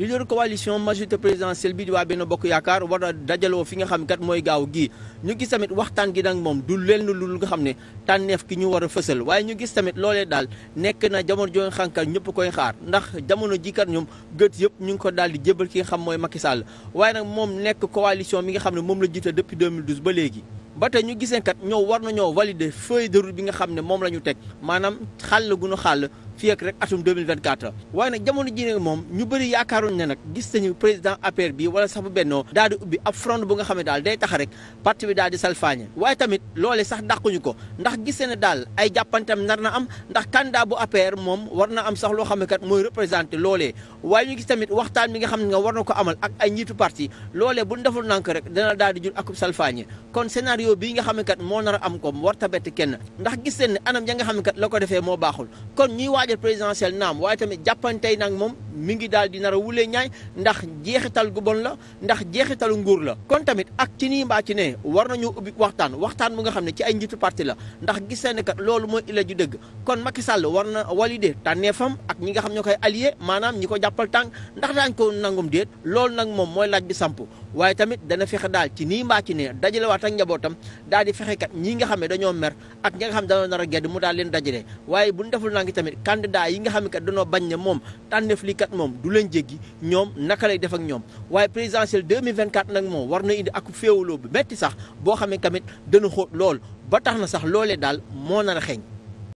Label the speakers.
Speaker 1: leader coalition majorité présidentielle bi di waa benn bokk yaakaar war a dajaloo fi nga xam kat mooy gaaw gii ñu gis tamit waxtaan gi nag moom du lenn lu nga xam ne tànneef ki ñu war a fësal waaye ñu gis tamit loolee daal nekk na jamono joo xànkat ñëpp koy xaar ndax jamono ji kat ñoom gët yëpp ñu ngi ko daal di jébal ki nga xam mooy Macky Sall waaye nag moom nekk coalition mi nga xam ne moom la jiite depuis 2012 ba léegi ba tey ñu gisee kat ñoo war na valider feuille de route bi nga xam ne moom la ñu teg maanaam xal gu ñu xàll fii ak rek atum 2024. waaye nag jamono jii moom ñu bëri yaakaaruñ ne nag gis nañu président APR bi wala sax bu bennoo daal di ubbi ab front bu nga xam ne daal day tax rek parti bi daal di salfaañe waaye tamit loolee sax dàquñu ko ndax gisee ne daal ay jàppantam nar na am ndax candidat bu APR moom war na am sax loo xam ne kat mooy représenté loole waaye ñ gis tamit waxtaan bi nga xam ne nga war na ko amal ak ay njiitu parti loolee bu ñu deful nank rek dana daal di jur akub salfaañe kon scénario scénario bii nga xam kat moo nar am ko warta tabet kenn ndax gis seen ne anam ya nga xam ne kat la ko defee moo baaxul kon ñuy waajal présidentiel naam waaye tamit jàppantey nag moom mi ngi daal di nar a wulee ñaay ndax jeexital gu bon la ndax jeexitalu nguur la kon tamit ak ci nii mbaa ci ne war nañu ubbi waxtaan waxtaan mu nga xam ne ci ay njiitu parti la ndax gis ne kat loolu mooy ila ju dëgg kon Macky Sall war na valider tànneefam ak ñi nga xam ñoo koy allié maanaam ñi ko jàppal tànk ndax daañ ko nangum déet loolu nag moom mooy laaj bi samp waaye tamit dana fexe daal ci nii mbaa ci ne dajale waat ak njabootam daal di fexe kat nga xam ne dañoo mer ak nga xam dañoo nar a gedd mu daal leen dajale waaye buñ deful naa ngi tamit candidat yi nga xam ne kat bañ ne moom tànneef kat moom du leen jéggi ñoom naka lay def ak ñoom waaye présidentielle 2024 nag moo war na indi ak féewaloo bu metti sax boo xamee tamit dana xóot lool ba tax na sax loolee daal moo nar a xeeñ